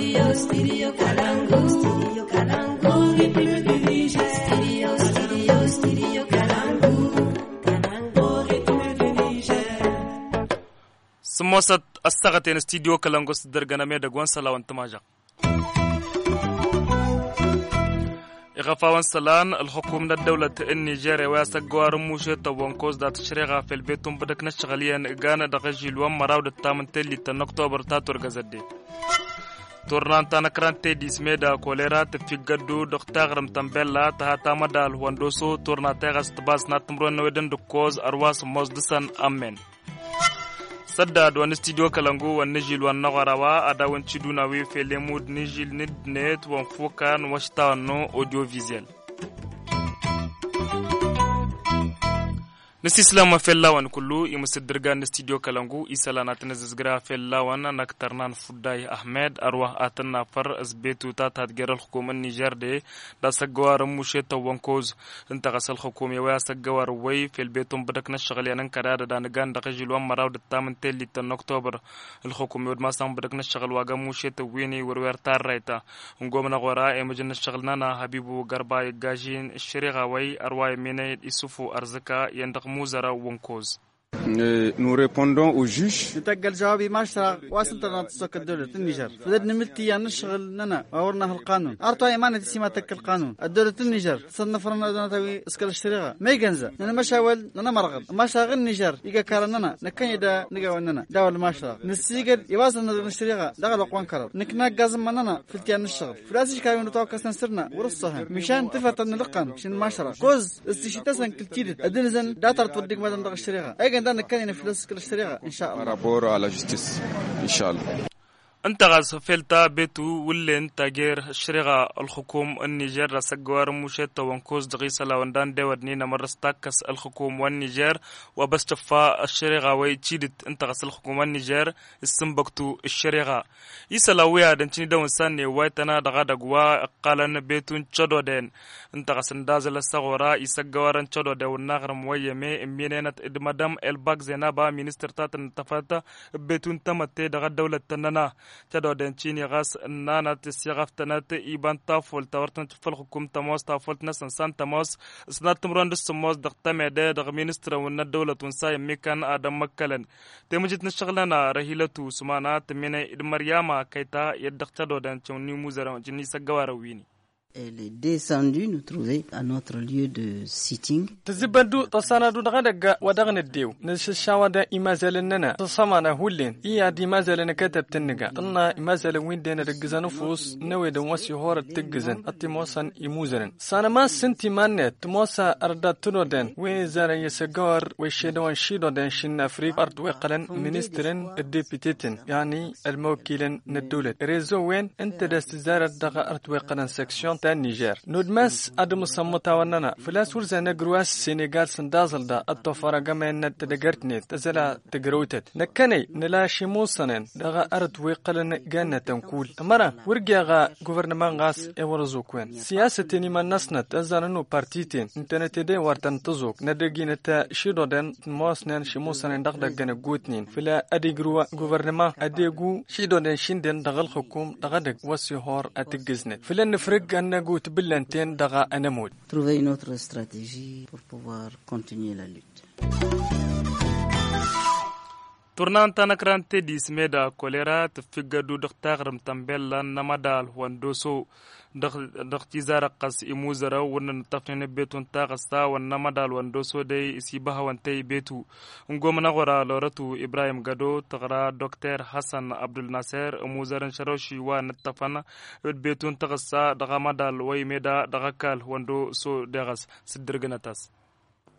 stereo, stereo studio stereo calango, reprime que dice stereo, stereo, stereo calango, calango, reprime que dice. Samosat astagaten stereo calango sidargana me dagwan salawan tamaja. غفاوان سلان الحكومة الدولة النيجيريا ويسقوار موشة تبونكوز دات شريغا في البيت بدك نشغليا غانا دغجي الوام مراود التامن تلي تن اكتوبر تاتور غزدي Tornantanakrante, krante dismeda kolera te figadu doktaram tambella ta hatamada alwandoso tabas natumron weden de cause arwas mosdusan amen sadda da ni studio kalango wani jil nawarawa ada a da wani cidu na net wan fokan en ta nistislama fellawan kullu imasiddirga nistudio kalangu isalanatini zizgira fellawan naktarnan fuday ahmed arwah atan nafar zbetuta tatgeral hukuman niger de da saggawar mushe tawankoz intaqasal hukumi waya saggawar way felbetun badak na shagalyanan kadada da nigan da qajilwan maraw da tamin telitan october al hukumi wad masan badak na shagal waga mushe tawini warwer tarraita ngomna gora imajin na shagalnana habibu garba gajin shiriga way arway mine isufu arzika yandak Muzara Wonkoz. نتقل جوابي معشرة واسنتنا تسوق الدولة النيجر فدد نملتي نشغل لنا وورنا القانون أرتو إيمانة سيما تك القانون الدولة النيجر صنف لنا دون توي اسكال الشريعة ما يجنزا نانا مشاول نانا مرغب مشاغل النيجر يجا كارننا نكن يدا نجاو لنا داول معشرة نسيجد يوازن دون الشريعة دغل قوان كرر نكنا جازم مننا فلتي نشغل فلاسي كاري نتوقع سنسرنا ورصهم مشان تفتن لقن شن معشرة كوز استشتاسن كل تيدت الدنزن داتر توديك مدن دغ الشريعة كان رانا كاين فلوس كل الشريعه ان شاء الله رابور على جستيس ان شاء الله أنت غاز فيلتا بيتو ولين تاجير شريغا الحكوم النيجير سجوار موشيتا وانكوز دغيسا لواندان ديواد نينا مرستاكس الحكوم وبس تفا الشريغا وي تشيدت غاز الحكوم النيجير السمبكتو الشريغا يسا لاويا دنتيني دون ساني ويتنا دغا دغوا قالن بيتون تشدو دين انتغس ندازل سغورا يسجوار تشدو دي ونغرم مي امينينات إدمادام الباك زينابا مينستر تاتن تفاتا بيتون تمتي دغا دولة تننا tedodhenchiniqas nanat siqaftanat ibanta foltawartanat falhukumtamos tafoltna sansantamos snatumrondusumos daktamede dakministrawna dawlatunsa yamikan adamakalen temujitna shaqlana rahilatu sumana tamine idmaryama kaita yaddakta dodhenchini muzara jini sagawarawini Elle est descendue nous trouver à notre lieu de sitting. Tazibandu tasanadu nagadaga wadagna dew. To sama na hulin. Iya di mazalana katab tinniga. Tanna imazalan windena daggizanu fus ne we de wasi hora tiggizan. Ati mosan imuzeren. Sana ma sinti manne tumosa arda den. We zara yasagawar we shedo an shido den shin frik art we qalan ministrin deputetin. Yani el mokilen الموكلين ندولت ريزو وين انت داست daga art we وقنا سكشن ta Niger. Nodmes adum sammata wannana filas wurza na gruwas Senegal sandazalda atto faragame na tadagartne tazala tagrawtet. Nakane nila shimusanen daga ard wiqalana ganna tankul. Amara wurgiaga guvernaman gas ewarazukwen. Siyasatini man nasnat azananu partitin intanetede wartan tuzuk. Nadaginata shidoden mosnen shimusanen dagdagana gutnin. Fila adigruwa guvernaman adigu shidoden shinden dagal hukum dagadag wasi hor atigizne. Fila nifrig an Nagout Billanten Daga Anamoud. Trouver une autre stratégie pour pouvoir continuer la lutte. tournant tanakrante dismeda kolera tafigadu doktar ramtambella namadal wandoso dakhti zara qas imu zara wannan tafni betun ta qasta wannan madal wando so dai isi bahawan tai betu gomna gora loratu ibrahim gado tagra dr hasan abdul nasser imu zaran sharoshi wa natafana betun ta qasta daga madal wai meda daga kal wando so dagas sidirganatas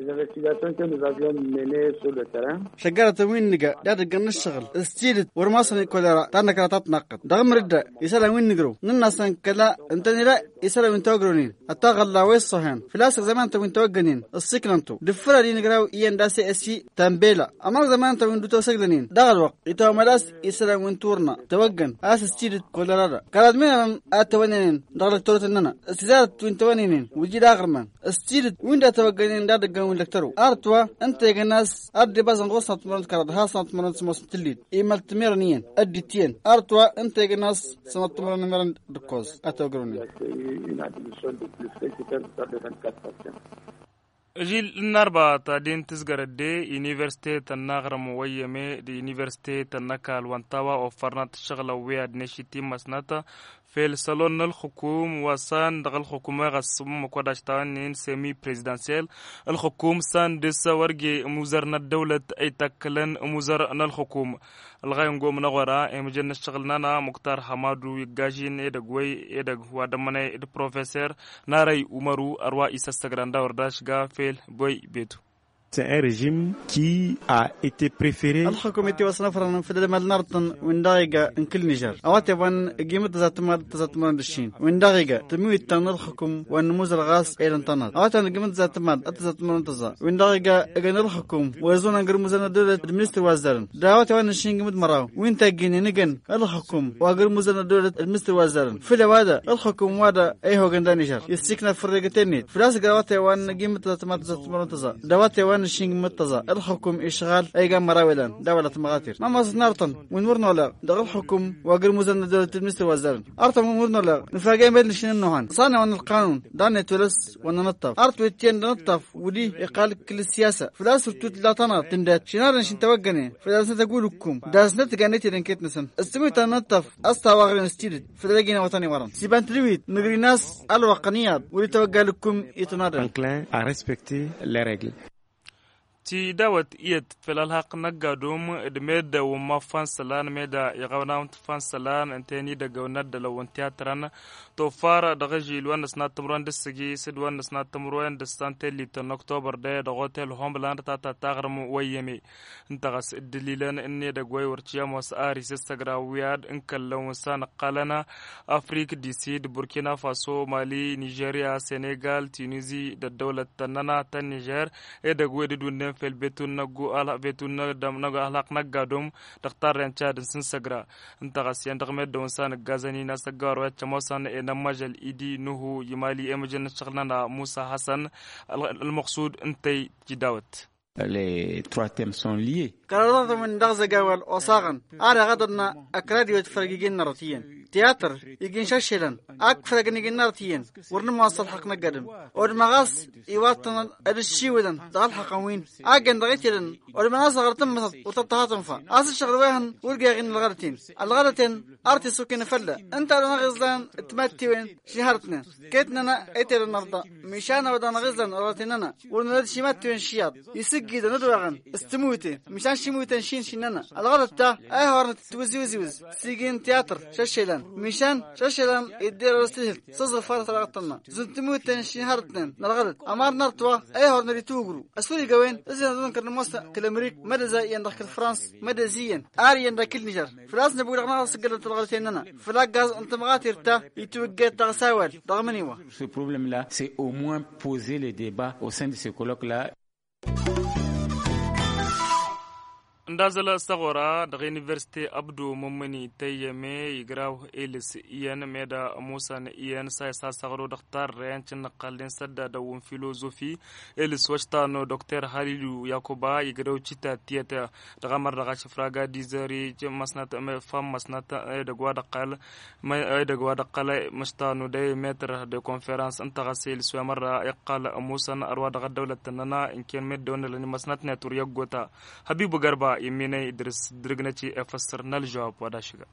les investigations que nous avions menées sur le terrain. شجرة وينجا داد جن الشغل استيلت ورماسن كولرا تانا كراتات نقط دغم ردة يسلا وين نجرو ننسن كلا انتني لا يسلا وين توجرونين التغل لا ويصهن فلاسك زمان توين توجنين السكنتو دفرا دي نجراو ايان داسي اسي تنبيلا اما زمان توين دوتو سجلنين دغل وقت يتو ملاس يسلا وين تورنا توجن اس استيلت كولرا كراد مين اتوانين دغل تورتننا استزارت وين توانين وجي داغرمان استيلت وين دا توجنين داد جن لكترو ارتوا انت ناس ادي بزن غصت مرنت كرد ها سنت مرنت سموس تليد ايمال تميرنيين ادي تين ارتوا انت ناس سنت مرنت مرنت دكوز اتوغروني جيل النربة تادين تزغردي يونيفرسيتي تنغر مويمي دي يونيفرسيتي تنكال وانتاوا وفرنات شغلة وياد نشيتي مسناتا فالصالون الحكوم وسان دغل الحكومة غصم مقدشتان نين سيمي بريزيدانسيال الحكوم سان دسا ورقي مزرنا الدولة اي تكلن مزرنا الحكوم الغاي نقوم نغورا ام جن شغلنا مختار حمادو يقاجين ايدق وي ايدق وادمنا ايد بروفيسور ناري عمرو اروا اساستغران داورداش غا فيل بوي بيتو c'est un régime qui a été préféré الحكومة وصنفرن في دم النارتن وندايغا انكل نيجر اواتي وان قيمة تزاتمار تزاتمار الشين وندايغا تمويت تن الحكم وان موز الغاز الى تنات اواتي قيمة تزاتمار تزاتمار تزا وندايغا اغن الحكم ويزون قرمز انا دولة المستر وزارن. داواتي وان الشين قيمة مراو وين تاجين نجن الحكم وقرمز انا دولة المستر وزارن. في الوادا الحكم وادا هو ايهو قندانيجر يستيقنا فرقتين فلاس قواتي وان قيمة تزاتمار تزاتمار تزا دواتي وان بانشينغ متزا الحكم إشغال أيغا مراولان دولة مغاتير ما مصد نارتن ونور لا دغ الحكم وغير مزن دولة المستر وزارن أرتم ونور لا نفاقين بيد لشين النوحان صانع عن القانون داني تولس وننطف أرت ويتين نطف ولي إقال كل السياسة فلاس رتوت لا تنا تمدات شنار نشين توقني فلاس نتقول لكم داس نتقانيتي لنكيت نسن استميت نطف أستا واغرين استيرد فلاقينا وطني ورن سيبان تريويت نغري ناس الوقنيات ولي توقع لكم يتنرد Franklin a respecté les règles. ti dawat iyat filalhaq nagadum idmed wuma fansalan meda yaqawnaunt fansalan inteni da gawnad da lawan teatran to fara da gaji luwan nasna tumruwan da sigi sid wan nasna tumruwan da stante litan oktober da da hotel homeland ta ta tagarmu wayeme intagas dalilan inne da gwai warciya mas ari sistagra wiyad in kallon wasan qalana afrik dc da burkina faso mali nigeria senegal tunisi da daular tanana ta niger e da gwai dudun fel betun nagu ala betun na nagu alak nagadum daktar rencha din sin sagra intagas yan dakme don san gazani na sagaro ya chamosan e na idi nuhu yimali emjen shaqlana musa hasan al maqsud intay jidawat les trois thèmes sont liés. كررت من دغزة جوال وصاغن أنا غدرنا أكراديو تفرقين театр игенша шелен ак фрагнигиннар тиен урны масал хакна гадым ормагас иваттан адшиудан дал хакамин аген дагетелен ормагас агартын масал утаттахатын фа ас шагрвахан ургагин лагартин алгартин арти сукен фалла انت انا غزلان تمتي وين شهرتنا كيتنا انا اتر النهضة مشان ودانا غزلان راتنا ورنا شمت وين شياط يسقي دنا دراغن استموتي مشان شموتن شين شننا الغلط ده اي هورن توزي وزي وز سيجين تياتر ششيلان تن مشان شاشلم إدير رستيل سوز فرت رقتنا زنتموتن شهرتن نرغلت أمار نرتوا أي هور نري توغرو أسوري قوين أسنا دون كرن موسى كلامريك مدى زي يندخل فرانس مدى زين آري يندخل نجر فلاس نبوغ رغنا سجل تلغلتيننا فلاك غاز أنت مغاتير تا يتوقع تغساول رغمني Ce problème-là, c'est au moins poser le débat au sein de ce colloque-là. ndazala sagora daga university abdu mummuni tayyame yigraw elis iyan meda musa na iyan sai sa sagoro daktar rayancin nakallin sadda da wun filosofi elis washta no dr halilu yakuba yigraw cita tiyata daga mar daga shifraga dizari masnata me fam masnata ay da gwada qal ay da gwada qala mashta no day meter de conference anta gasil su marra yaqala musa na arwa daga dawlatanana in ken med donalani masnat na tur yaggota habibu garba iminay idris dirgnati e fastar nal wada shiga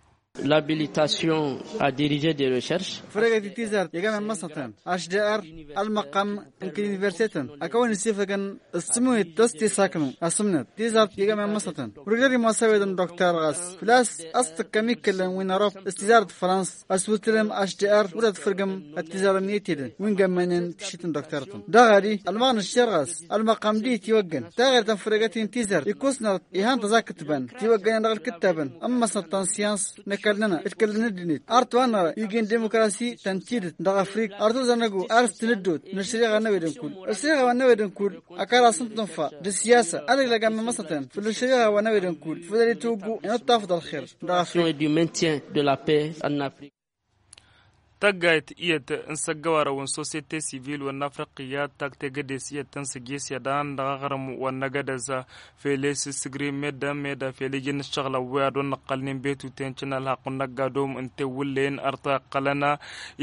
لابيليتاسيون à دي des recherches. فرقة تيزر يجمع دي ار المقام يمكن أكون سيفغان اسمه تستي ساكنو اسمنا تيزر يجمع مصطن ورجال مساوي دكتور غاس فلاس أصدق كمي وين رف استزارة فرانس أسوتلم HDR ورد فرغم التزارة نيتيدن وين جمعنن تشيتن دكتورتن دغري المان الشرغس المقام دي تيوجن دغري تنفرقة تيزر يكوسنا يهان تزاكتبن تيوجن نغل كتابن أما سلطان سيانس ishkalnana ishkalnadinet artwanara igen demokrasi tantidet da afrik arto zanagu arf tinedot nashriqa naweden kul ashriqa kul akara santan fa de siyasa adag laga masatan fil shriqa wanaweden kul fudali tugu ina tafdal khair da afrik du tagayt iyet nsagawara wan société civile wan afriqiya ya iyet nsigisyadan dagagaram wan nagadasa feles sigri meda meda feligin shagla weado naqalnin betutencinal haqunnagadom inte wulen arta qalana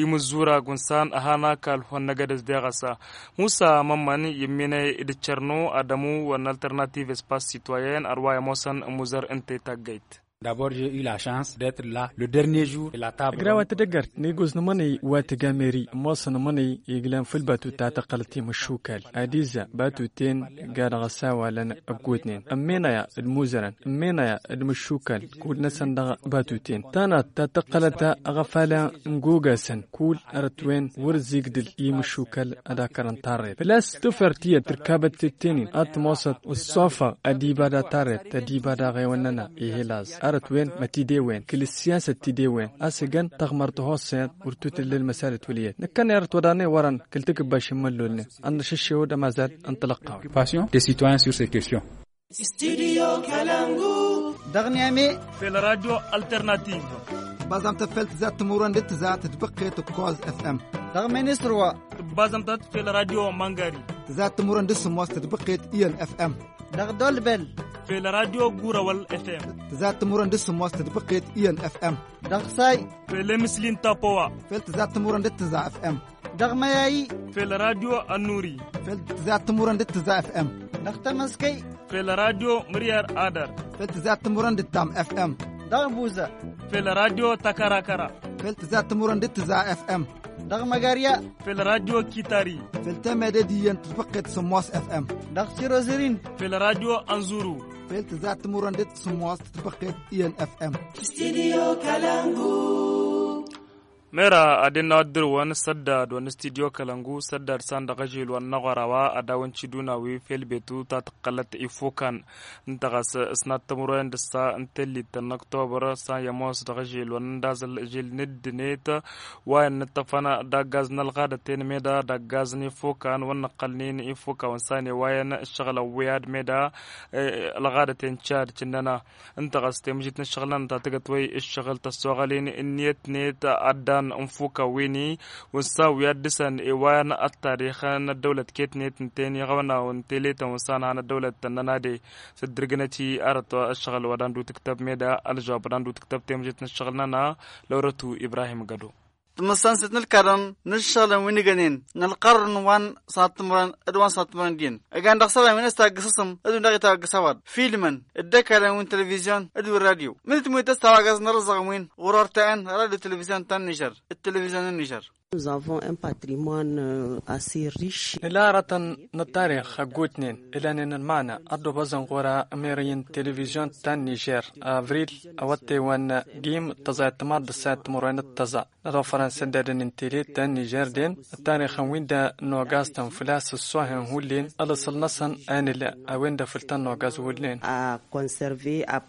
imuzura gunsan ahana kal wan nagadas degasa musa mamman yimine idcerno adamu wan alternative espace citoyen arwaya mosan muzar inte tagayt D'abord, j'ai eu la chance d'être là le dernier jour de la table. Gra wata dagar ne gos na manai wata gameri mosa na mani iglan ful batu ta ta qalti mashukal adiza batu ten gada gasawa lan abgutnin ammena ya almuzaran ammena ya almashukal kul nasan da batu ten tana ta ta qalata agafala ngugasan kul aratwen wurzigdil i mashukal ada karantare plus tufartiya tirkabat tenin at mosat usafa adibada tare adibada gaywanana ihlas العارة وين ما تيدي وين كل السياسة تيدي وين أسيقن تغمر تهوسين ورتوت الليل للمسالة وليات نكن يارت وداني ورن كل تكب تكبا شملولنا أن ششيو ما زال انطلقا des citoyens sur ces questions. Studio Kalangu. Darniami. في الراديو alternative. بازم تفلت زات تمورن دت زات تبقيت تكوز اف ام. نسروا بازم تفلت في الراديو مانغاري. زات تمورن دس موست تبقيت اي اف ام. دغ دولبل في الراديو غوراول اف ام تزات مرن دس موست بقيت ان اف ام دغ ساي في لمسلين تابوا في تزات مرن دتزا اف ام دغ ماياي في الراديو النوري في تزات مرن دتزا اف ام دغ تمسكي في الراديو مريار ادر في تزات مرن دتام اف ام دغ بوزا في الراديو تكاراكرا في تزات مرن دتزا اف ام دغ مغاريا في الراديو كيتاري فلتا مدديا تفقد سمواس اف ام دغ سيروزرين في الراديو انزورو فلت ذات مرندت سمواس تفقد اي ان اف ام استديو mera adina dirwan saddad wan studio kalangu saddad da gajil wan nagarawa adawanci duna wi fel betu ta taqalat ifukan ntagas snat tamuren dsta ntelli tan oktober sa mos da gajil wan dazal jil nidnet wa tafana da gaznal gada ten meda da gazni fukan wan naqalnin ifuka wan ne wayan shagala wiyad meda lagada ten chad chinana ntagas temjit shaglan ta tagatway shagl in niyet net adda كان أنفوكا ويني ونساوي دسن إيوان التاريخ الدولة كيتني نتيني غونا ونتيليتا ونسان عن الدولة ننادي سدرقنتي ارتو الشغل ودان دو تكتب ميدا الجواب دان دو تكتب تيمجتنا الشغلنا لورتو إبراهيم قدو تمسان ست نلكرن نشالن وينيغنين نلقرن وان ساتمران ادوان ساتمران دين اغان دخسر من استا قصصم ادو نغي تا قصواد فيلمن الدكر وين تلفزيون ادو الراديو من تمويت تستا غاز نرزغ وين ورورتان راديو تلفزيون تان نيجر التلفزيون النيجر إلى avons نتاريخ غوتنين إلانين المعنى أدو بزن غورا ميرين تلفزيون تان نيجير أفريل أوتي وان جيم تزا تماد سات مرين التزا لدو فرنسا دادن تيلي تان نيجير دين التاريخ وين دا نوغاز تن فلاس السوهن هولين ألا نصن آن لا أوين دا فلتان نوغاز هولين. À conserver, à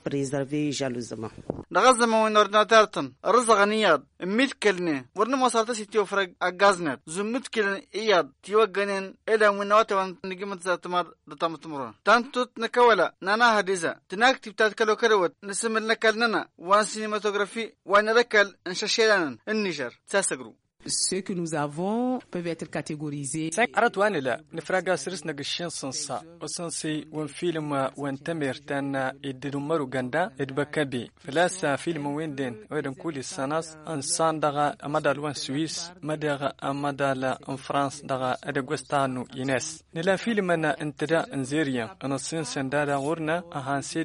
نغزم وينور ناتارتن رزغ نياد ميت كلني ورن مصارتا سيتيو وفرق اغازنت زمت كلن اياد تيو غنين الا ونوات وان نجمت مر دتام تمرون تانتوت نكولا نانا هديزا تناك تبتات كلو كروت نسمر نكلنا وان سينماتوغرافي وان ركل إن انشاشيلان النجار تاسقرو Ceux que nous avons peuvent être catégorisés. arat wani la nifraga siris na gishin sansa wasan sai wan film wan tamirtana idin maru ganda idbakabi filasa film winden wadan kuli sanas an san daga amadal wan swiss madaga amadala an france daga adagwestanu ines nila film na intada nzeriya ana sin sandada wurna a hanse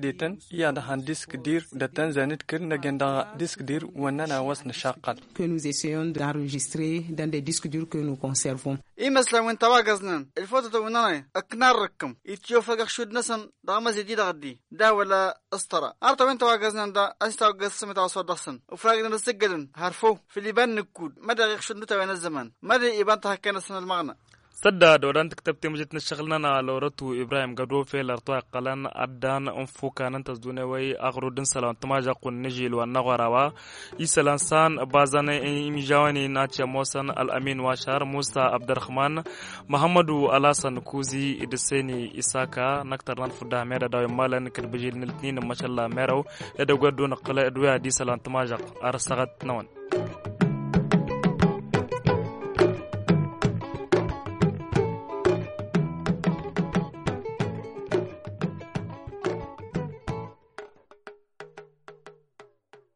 iya da han disk dir da tanzanit kirna ganda disk dir wanana wasna shaqal que nous essayons d'enregistrer enregistrés dans des disques durs que nous conservons. imasla wen tawagaznan الفوتو تو ناي اكنار ركم يتيو فقخ شود نسن دغما زيدي دغدي دا ولا اسطرا ارتا وين تواغزنا دا استا قسم تا صوت دسن وفراغ نسجدن هرفو في لبان نكود مدى غيخ شود نتا وين الزمان مدى يبان تهكنا سن المغنى sadda doodanta kitabte mujitna shaqlnana loratu ibrahim gado felarto aqalan adan unfukanantas duneway aqrudin salantumaja nagarawa isalan san bazane imijawani nacha mosan al-amin washar musa abdarrahman mahamadu alasan kuzi idiseni isaka naktarnan fudah mera dawe malan kirbijil niltnin mashallah meraw edawgaduna qala edwea di salantumajaq arsagat nawan